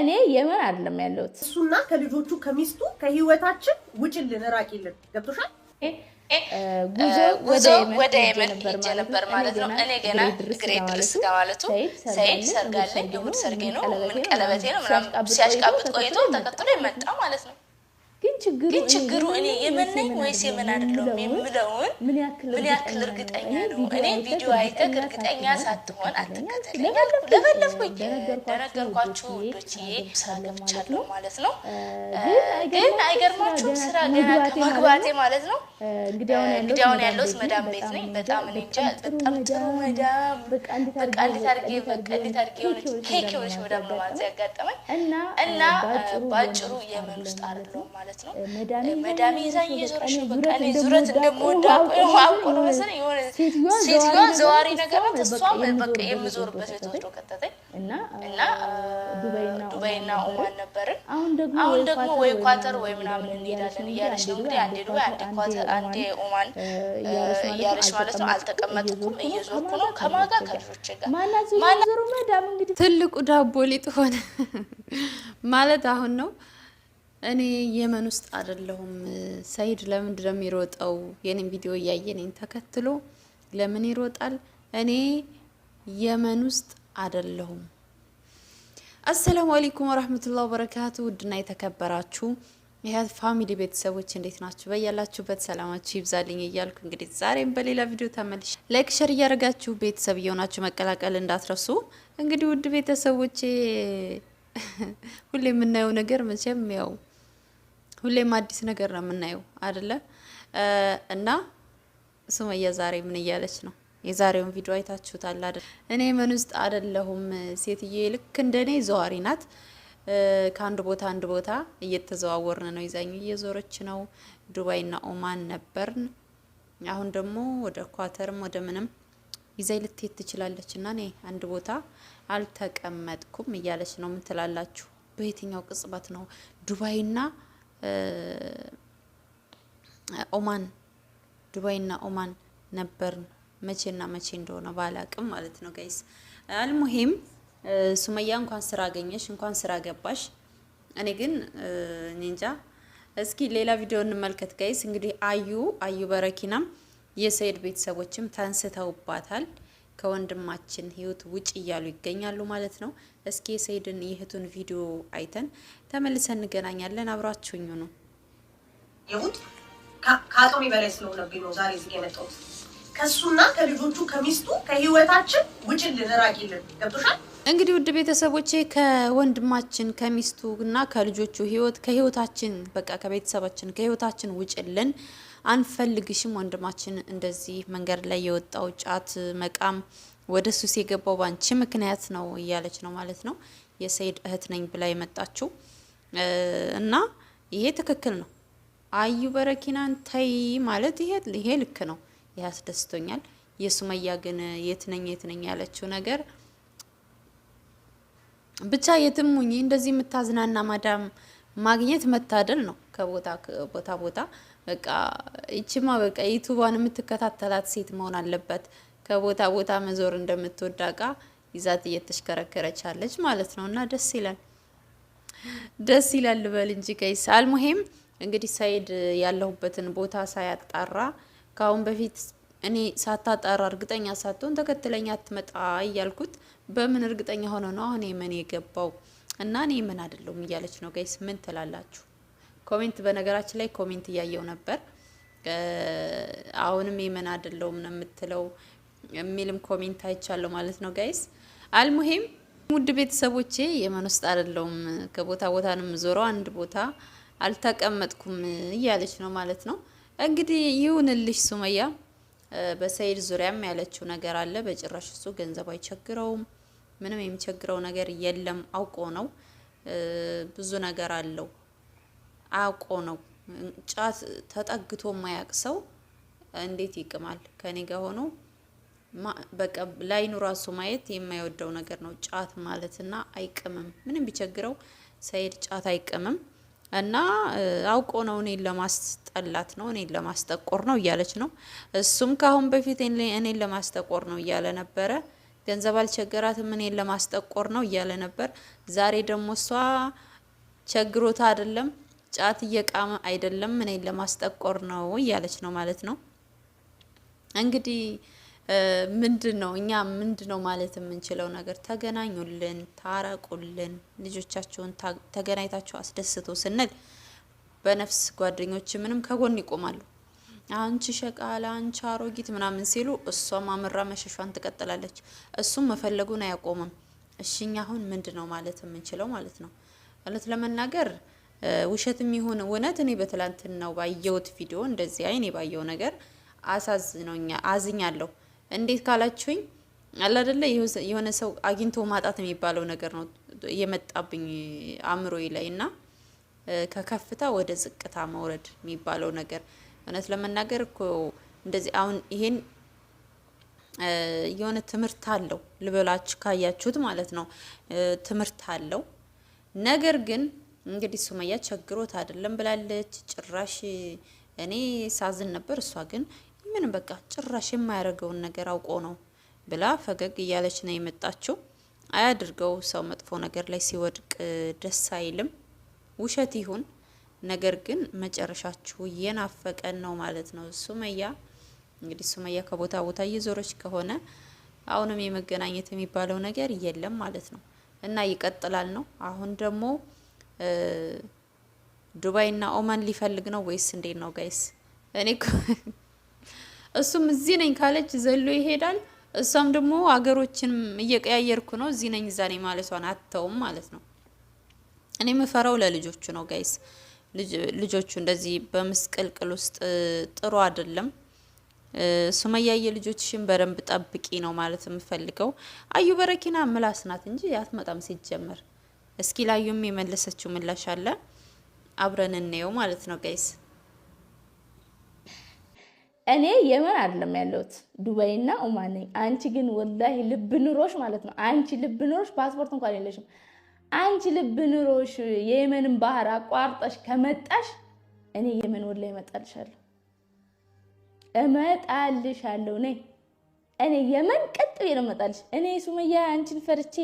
እኔ የምን አይደለም ያለሁት። እሱና ከልጆቹ ከሚስቱ ከህይወታችን ውጭልን፣ ራቂልን። ገብቶሻል? ጉዞ ወደ የመን ሄጄ ነበር ማለት ነው። እኔ ገና እግሬ ድረስ ጋ ማለቱ ሰይድ ሰርጋለኝ፣ እሑድ ሰርጌ ነው፣ ምን ቀለበቴ ነው ምናምን ሲያሽቃብጥ ቆይቶ ተከትሎ የመጣ ማለት ነው። ግን ችግሩ ግን ችግሩ እኔ የምን ወይስ የምን አይደለሁም የምለውን ምን ያክል እርግጠኛ ነው? እኔ ቪዲዮ አይተህ እርግጠኛ ሳትሆን አትከተለኝ ለፈለፍኩኝ። እንደነገርኳችሁ ውዶችዬ ስራ ገብቻለሁ ማለት ነው። ግን አይገርማችሁም? ስራ ገና ከመግባቴ ማለት ነው። እንግዲህ አሁን ያለሁት መዳም ቤት ነኝ። በጣም እንጃ፣ በጣም ጥሩ መዳም፣ በቃ እንዴት አድርጌ በቃ እንዴት አድርጌ የሆነች ኬክ የሆነች መዳም ነው ማለት ያጋጠመኝ እና በአጭሩ የምን ውስጥ አይደለሁም ማለት ነው አሁን ደግሞ ወይ ኳተር ወይ ምናምን እንሄዳለን እያለች ነው እንግዲህ። አንዴ ዱባይ፣ አንዴ ኳተር፣ አንዴ ኦማን እያለች ማለት ነው። አልተቀመጥኩም፣ እየዞርኩ ነው። ከማን ጋር? ጋር። ትልቁ ዳቦ ሊጥ ሆነ ማለት አሁን ነው እኔ የመን ውስጥ አይደለሁም። ሰይድ ለምንድን ነው የሚሮጠው? የኔን ቪዲዮ እያየ ተከትሎ ለምን ይሮጣል? እኔ የመን ውስጥ አይደለሁም። አሰላሙ አለይኩም ወራህመቱላሂ ወበረካቱ። ውድና የተከበራችሁ የሀያት ፋሚሊ ቤተሰቦች እንዴት ናችሁ? በያላችሁበት ሰላማችሁ ይብዛልኝ እያልኩ እንግዲህ ዛሬም በሌላ ቪዲዮ ተመልሼ ላይክ፣ ሸር እያደረጋችሁ ቤተሰብ እየሆናችሁ መቀላቀል እንዳትረሱ። እንግዲህ ውድ ቤተሰቦቼ ሁሌ የምናየው ነገር መቼም ያው ሁሌም አዲስ ነገር ነው የምናየው አይደለ? እና ሱመያ ዛሬ ምን እያለች ነው? የዛሬውን ቪዲዮ አይታችሁታል አይደል? እኔ ምን ውስጥ አይደለሁም። ሴትዬ ልክ እንደኔ ዘዋሪ ናት። ከአንድ ቦታ አንድ ቦታ እየተዘዋወርን ነው። ይዛኝ እየዞረች ነው። ዱባይና ኦማን ነበርን። አሁን ደግሞ ወደ ኳተርም ወደ ምንም ይዘኝ ልትሄድ ትችላለች እና እኔ አንድ ቦታ አልተቀመጥኩም እያለች ነው። ምን ትላላችሁ? በየትኛው ቅጽበት ነው ዱባይና ኦማን ዱባይና ኦማን ነበር መቼና መቼ እንደሆነ ባላቅም ማለት ነው ጋይስ። አልሙሂም ሱመያ እንኳን ስራ አገኘሽ፣ እንኳን ስራ ገባሽ። እኔ ግን እንጃ። እስኪ ሌላ ቪዲዮ እንመልከት ጋይስ። እንግዲህ አዩ አዩ በረኪናም የሰይድ ቤተሰቦችም ተንስተውባታል። ከወንድማችን ህይወት ውጭ እያሉ ይገኛሉ ማለት ነው። እስኪ የሰይድን የእህቱን ቪዲዮ አይተን ተመልሰን እንገናኛለን። አብራችሁኝ ነው ይሁት ከአቅሜ በላይ ስለሆነብኝ ነው ዛሬ ዚ የመጣሁት። ከእሱና ከልጆቹ ከሚስቱ ከህይወታችን ውጭልን፣ ራቂልን። ገብቶሻል? እንግዲህ ውድ ቤተሰቦቼ ከወንድማችን ከሚስቱ እና ከልጆቹ ህይወት ከህይወታችን በቃ ከቤተሰባችን ከህይወታችን ውጭልን አንፈልግሽም። ወንድማችን እንደዚህ መንገድ ላይ የወጣው ጫት መቃም ወደ ሱስ የገባው ባንቺ ምክንያት ነው እያለች ነው ማለት ነው። የሰይድ እህት ነኝ ብላ የመጣችው እና ይሄ ትክክል ነው። አዩ በረኪናን ተይ ማለት ይሄ ይሄ ልክ ነው። ይህ አስደስቶኛል። የሱመያ ግን የትነኝ የትነኝ ያለችው ነገር ብቻ የትም ሁኚ እንደዚህ የምታዝናና ማዳም ማግኘት መታደል ነው። ከቦታ ቦታ ቦታ በቃ ይችማ በቃ ዩቱቧን የምትከታተላት ሴት መሆን አለበት። ከቦታ ቦታ መዞር እንደምትወዳ እቃ ይዛት እየተሽከረከረች አለች ማለት ነው። እና ደስ ይላል፣ ደስ ይላል ልበል እንጂ ከይስ አልሙሄም እንግዲህ ሰኢድ ያለሁበትን ቦታ ሳያጣራ ከአሁን በፊት እኔ ሳታጣራ እርግጠኛ ሳትሆን ተከትለኛ አትመጣ እያልኩት በምን እርግጠኛ ሆነ ነው አሁን የመን የገባው እና እኔ ምን አይደለሁም እያለች ነው። ጋይስ ምን ትላላችሁ? ኮሜንት በነገራችን ላይ ኮሜንት እያየው ነበር። አሁንም የመን አይደለውም ነው የምትለው የሚልም ኮሜንት አይቻለሁ ማለት ነው ጋይስ። አልሙሄም ውድ ቤተሰቦቼ የመን ውስጥ አይደለውም፣ ከቦታ ቦታ ነው የምዞረው፣ አንድ ቦታ አልተቀመጥኩም እያለች ነው ማለት ነው። እንግዲህ ይሁንልሽ ሱመያ። በሰይድ ዙሪያም ያለችው ነገር አለ። በጭራሽ እሱ ገንዘብ አይቸግረውም። ምንም የሚቸግረው ነገር የለም። አውቆ ነው ብዙ ነገር አለው። አውቆ ነው። ጫት ተጠግቶ የማያውቅ ሰው እንዴት ይቅማል? ከኔ ጋር ሆኖ በቃ ላይኑ ራሱ ማየት የማይወደው ነገር ነው ጫት ማለትና አይቅምም። ምንም ቢቸግረው ሰይድ ጫት አይቅምም እና አውቆ ነው እኔን ለማስጠላት ነው እኔን ለማስጠቆር ነው እያለች ነው። እሱም ከአሁን በፊት እኔን ለማስጠቆር ነው እያለ ነበረ። ገንዘብ አልቸገራትም እኔን ለማስጠቆር ነው እያለ ነበር። ዛሬ ደግሞ እሷ ቸግሮታ አይደለም ጫት እየቃመ አይደለም እኔን ለማስጠቆር ነው እያለች ነው ማለት ነው። እንግዲህ ምንድን ነው እኛ ምንድን ነው ማለት የምንችለው ነገር ተገናኙልን፣ ታረቁልን፣ ልጆቻቸውን ተገናኝታቸው አስደስቶ ስንል በነፍስ ጓደኞች ምንም ከጎን ይቆማሉ። አንቺ ሸቃላ፣ አንቺ አሮጊት ምናምን ሲሉ እሷም አምራ መሸሿን ትቀጥላለች። እሱም መፈለጉን አያቆምም። እሽኛ አሁን ምንድን ነው ማለት የምንችለው ማለት ነው እውነት ለመናገር ውሸትም ይሁን እውነት እኔ በትላንትናው ባየሁት ቪዲዮ እንደዚህ እኔ ባየው ነገር አሳዝኖኛ አዝኛለሁ። እንዴት ካላችሁኝ አላደለ የሆነ ሰው አግኝቶ ማጣት የሚባለው ነገር ነው የመጣብኝ አእምሮዬ ላይ እና ከከፍታ ወደ ዝቅታ መውረድ የሚባለው ነገር እውነት ለመናገር እኮ እንደዚህ አሁን ይሄን የሆነ ትምህርት አለው ልበላችሁ ካያችሁት ማለት ነው፣ ትምህርት አለው ነገር ግን እንግዲህ ሱመያ ቸግሮት አይደለም ብላለች። ጭራሽ እኔ ሳዝን ነበር። እሷ ግን ምን በቃ ጭራሽ የማያደርገውን ነገር አውቆ ነው ብላ ፈገግ እያለች ነው የመጣችው። አያድርገው ሰው መጥፎ ነገር ላይ ሲወድቅ ደስ አይልም። ውሸት ይሁን ነገር ግን መጨረሻችሁ እየናፈቀን ነው ማለት ነው። ሱመያ እንግዲህ ሱመያ ከቦታ ቦታ እየዞረች ከሆነ አሁንም የመገናኘት የሚባለው ነገር የለም ማለት ነው እና ይቀጥላል ነው አሁን ደግሞ ዱባይ እና ኦማን ሊፈልግ ነው ወይስ እንዴት ነው ጋይስ? እኔ እሱም እዚህ ነኝ ካለች ዘሎ ይሄዳል። እሷም ደግሞ አገሮችንም እየቀያየርኩ ነው እዚህ ነኝ እዛ ነኝ ማለቷን አተውም ማለት ነው። እኔ የምፈራው ለልጆቹ ነው ጋይስ። ልጆቹ እንደዚህ በምስቅልቅል ውስጥ ጥሩ አይደለም። ሱመያየ ልጆችሽን በደንብ ጠብቂ ነው ማለት የምፈልገው። አዩ በረኪና ምላስ ናት እንጂ አትመጣም ሲጀመር እስኪ ላዩም የመለሰችው ምላሽ አለ። አብረን እንየው ማለት ነው ጋይስ። እኔ የመን አይደለም ያለሁት ዱባይና ኡማን ነኝ። አንቺ ግን ወላሂ ልብ ኑሮሽ ማለት ነው። አንቺ ልብ ኑሮሽ ፓስፖርት እንኳን የለሽም። አንቺ ልብ ኑሮሽ የየመንን ባህር አቋርጠሽ ከመጣሽ እኔ የመን ወላሂ እመጣልሻለሁ፣ እመጣልሻለሁ። ነይ እኔ የመን ቀጥ ብዬ ነው እመጣልሽ። እኔ ሱመያ አንቺን ፈርቼ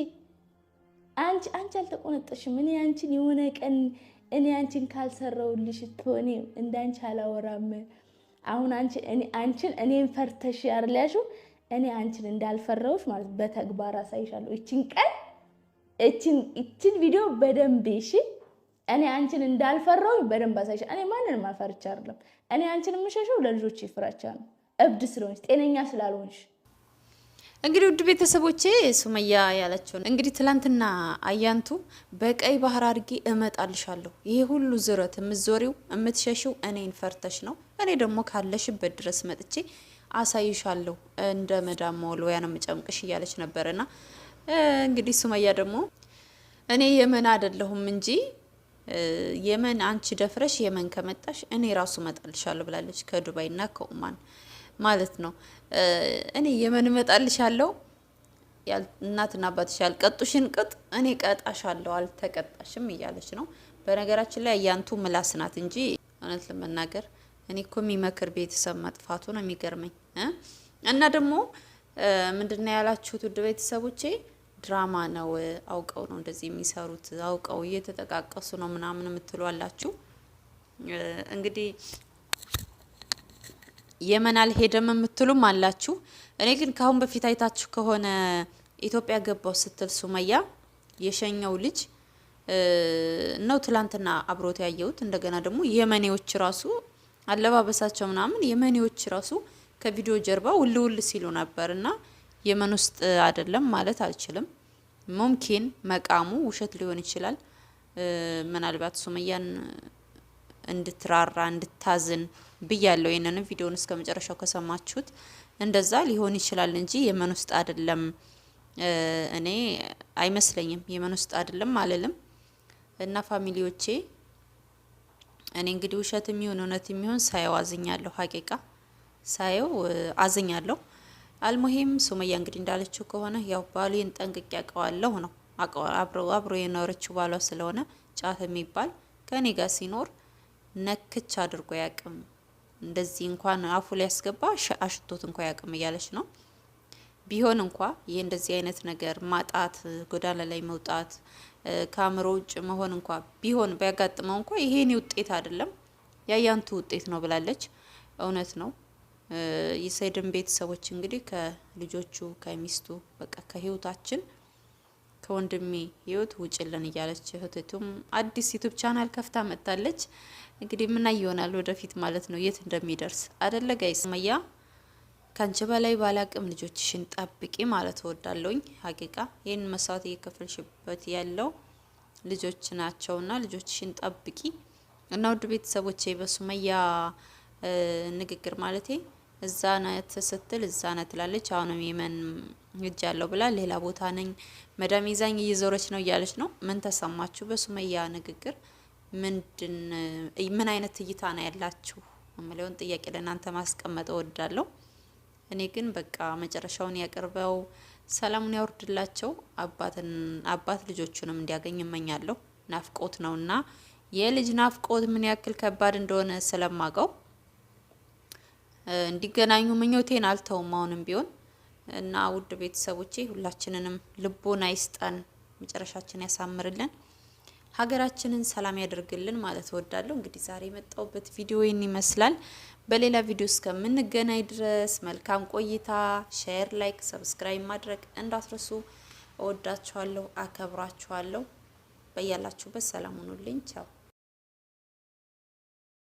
አንቺ አንቺ አልተቆነጠሽም። እኔ አንቺን የሆነ ቀን እኔ አንቺን ካልሰራውልሽ ትሆኔ እንዳንቺ አላወራም። አሁን አንቺ እኔ አንቺን እኔን ፈርተሽ ያርለሹ እኔ አንቺን እንዳልፈረውሽ ማለት በተግባር አሳይሻለሁ። እቺን ቀን እቺን እቺን ቪዲዮ በደንብ እሺ። እኔ አንቺን እንዳልፈራው በደንብ አሳይሻለሁ። እኔ ማንንም አፈርቻ አይደለም። እኔ አንቺን የምሸሸው ለልጆች ይፍራቻ ነው። እብድ ስለሆንሽ ጤነኛ ስላልሆንሽ እንግዲህ ውድ ቤተሰቦቼ ሱመያ ያለችው እንግዲህ ትላንትና አያንቱ በቀይ ባህር አድርጌ እመጣልሻለሁ፣ ይሄ ሁሉ ዝረት የምትዞሪው የምትሸሽው እኔን ፈርተሽ ነው። እኔ ደግሞ ካለሽበት ድረስ መጥቼ አሳይሻለሁ፣ እንደ መዳም መወልወያ ነው የምጨምቅሽ እያለች ነበረና እንግዲህ ሱመያ ደግሞ እኔ የመን አይደለሁም እንጂ የመን አንቺ ደፍረሽ የመን ከመጣሽ እኔ ራሱ እመጣልሻለሁ ብላለች ከዱባይና ከኡማን ማለት ነው። እኔ የመን አለው እናትና አባትሽ ያልቀጡሽን ቅጥ እኔ አለው አልተቀጣሽም እያለች ነው። በነገራችን ላይ ያንቱ ምላስ ናት እንጂ እውነት ለመናገር እኔ እኮ የሚመክር ቤተሰብ መጥፋቱ ነው የሚገርመኝ። እና ደግሞ ምንድነው ያላችሁት ውድ ቤተሰቦቼ፣ ድራማ ነው አውቀው ነው እንደዚህ የሚሰሩት አውቀው እየተጠቃቀሱ ነው ምናምን የምትሏላችሁ እንግዲህ የመን አልሄደም የምትሉም አላችሁ። እኔ ግን ከአሁን በፊት አይታችሁ ከሆነ ኢትዮጵያ ገባው ስትል ሱመያ የሸኘው ልጅ ነው ትላንትና አብሮት ያየሁት። እንደገና ደግሞ የመኔዎች ራሱ አለባበሳቸው ምናምን የመኔዎች ራሱ ከቪዲዮ ጀርባ ውል ውል ሲሉ ነበር እና የመን ውስጥ አይደለም ማለት አልችልም። ሙምኪን መቃሙ ውሸት ሊሆን ይችላል። ምናልባት ሱመያን እንድትራራ እንድታዝን ብያለው። ይህንን ቪዲዮን እስከ መጨረሻው ከሰማችሁት እንደዛ ሊሆን ይችላል እንጂ የመን ውስጥ አይደለም። እኔ አይመስለኝም፣ የመን ውስጥ አይደለም አልልም። እና ፋሚሊዎቼ እኔ እንግዲህ ውሸት የሚሆን እውነት የሚሆን ሳየው አዝኛለሁ። ሀቂቃ ሳየው አዝኛለሁ። አልሙሂም ሱመያ እንግዲህ እንዳለችው ከሆነ ያው ባሌን ጠንቅቄ አውቀዋለሁ ነው አብሮ የኖረችው ባሏ ስለሆነ ጫት የሚባል ከኔ ጋር ሲኖር ነክች አድርጎ ያቅም እንደዚህ እንኳን አፉ ላይ ያስገባ አሽቶት እንኳ ያቅም እያለች ነው። ቢሆን እንኳ ይህ እንደዚህ አይነት ነገር ማጣት፣ ጎዳና ላይ መውጣት፣ ከአእምሮ ውጭ መሆን እንኳ ቢሆን ቢያጋጥመው እንኳ ይሄኔ ውጤት አይደለም ያያንቱ ውጤት ነው ብላለች። እውነት ነው። የሰይድን ቤተሰቦች እንግዲህ ከልጆቹ ከሚስቱ በቃ ከህይወታችን ከወንድሜ ህይወት ውጭልን እያለች እህትቱም አዲስ ዩቱብ ቻናል ከፍታ መጥታለች። እንግዲህ ምና ይሆናል ወደፊት ማለት ነው የት እንደሚደርስ አደለ ጋይስ። መያ ከአንቺ በላይ ባላቅም ልጆችሽን ጠብቂ ማለት እወዳለሁኝ። ሀቂቃ ይህን መስዋዕት እየከፈልሽበት ያለው ልጆች ናቸውና ልጆችሽን ጠብቂ እና ውድ ቤተሰቦቼ በሱመያ ንግግር ማለቴ እዛ ናት ስትል እዛ ናት ትላለች። አሁንም የመን እጅ ያለው ብላ ሌላ ቦታ ነኝ መዳም ይዛኝ እየዞረች ነው እያለች ነው። ምን ተሰማችሁ? በሱመያ ንግግር ምንድን ምን አይነት እይታ ነው ያላችሁ የሚለውን ጥያቄ ለእናንተ ማስቀመጥ እወዳለሁ። እኔ ግን በቃ መጨረሻውን ያቅርበው፣ ሰላሙን ያወርድላቸው፣ አባት ልጆቹንም እንዲያገኝ እመኛለሁ። ናፍቆት ነውና የልጅ ናፍቆት ምን ያክል ከባድ እንደሆነ ስለማቀው እንዲገናኙ ምኞቴን አልተውም አሁንም ቢሆን እና ውድ ቤተሰቦቼ ሁላችንንም ልቦና ይስጠን፣ መጨረሻችን ያሳምርልን፣ ሀገራችንን ሰላም ያደርግልን ማለት እወዳለሁ። እንግዲህ ዛሬ የመጣሁበት ቪዲዮ ይህን ይመስላል። በሌላ ቪዲዮ እስከምንገናኝ ድረስ መልካም ቆይታ። ሼር፣ ላይክ፣ ሰብስክራይብ ማድረግ እንዳትረሱ። እወዳችኋለሁ፣ አከብራችኋለሁ። በያላችሁበት ሰላም ሁኑልኝ። ቻው